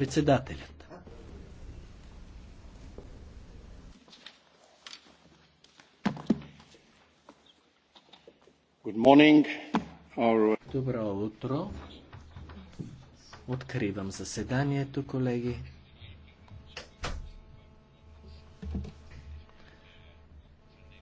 Председателят. Our... Добро утро. Откривам заседанието, колеги.